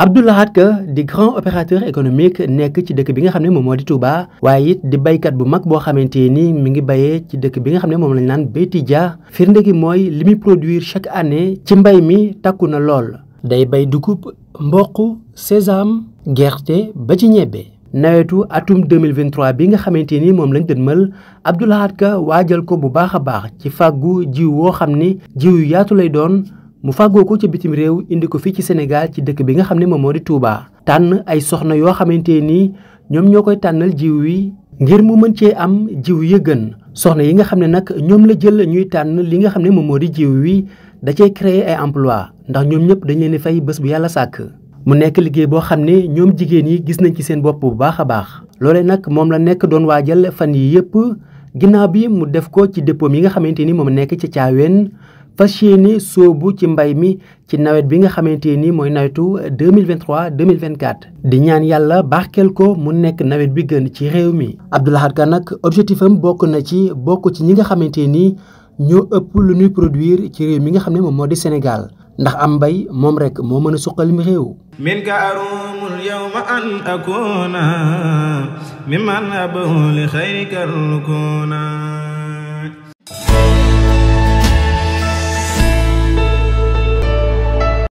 Abdou Lahad Ka di grand opérateur économique nekk ci dëkk bi nga xam ne moom moo di Touba waaye it di baykat bu mag boo xamante ni mi ngi bayee ci dëkk bi nga xam ne moom lañu naan Bétidia firnde gi mooy li muy produire chaque année ci mbay mi takku na lool day bay dugub mboq sésame gerte ba ci ñebbe nawetu atum 2023 bi nga xamante ni moom lañ dënmal Abdou Lahad waajal ko bu baax a baax ci fàggu jiw woo xam ni jiw yu yaatu lay doon mu fàggoo ko ca bitim réew indi ko fii ci Sénégal ci dëkk bi nga xam ne moom moo di Touba. tànn ay soxna yoo xamante ni ñoom ñoo koy tànnal jiw wi ngir mu mën cee am jiw ya gën soxna yi nga xam ne nag ñoom la jël ñuy tànn li nga xam ne moom moo di jiw wi da cay créer ay emploi ndax ñoom ñëpp dañ leen di fay bés bu yàlla sàkk. mu nekk liggéey boo xam ne ñoom jigéen yi gis nañ ci seen bopp bu baax a baax loole nag moom la nekk doon waajal fan yii yëpp ginnaaw bi mu def ko ci dépôt yi nga xamante ni moom nekk ci caaween fas yéene bu ci mbay mi ci nawet bi nga xamante ni mooy nawetu 2023 2024 di ñaan yàlla baaxkel ko mu nekk nawet bi gën ci réew mi Abdou Lahad Ka nag objectif am bokk na ci bokk ci ñi nga xamante ni ñoo ëpp lu ñuy produire ci réew mi nga xam ne moom moo di Sénégal ndax am mbay moom rek moo mën a suqal mi réew min ka arumul yawma an akuna mimman abahu li xayrika rukuna